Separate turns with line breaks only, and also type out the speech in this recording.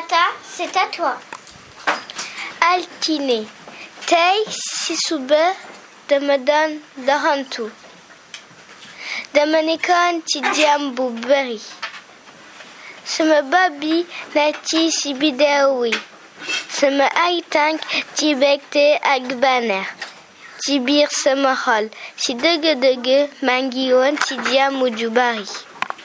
Tata, c'est à toi. Altine, tey si suba dama daan doxantu dama nekkoon ci jàmm bu bari sama bopp bi na ci si biddew wi sama ay tànk ci mbégte ak bànneex ci biir sama xol ci dëgg-dëgg maa ngi woon ci
jàmm ju bari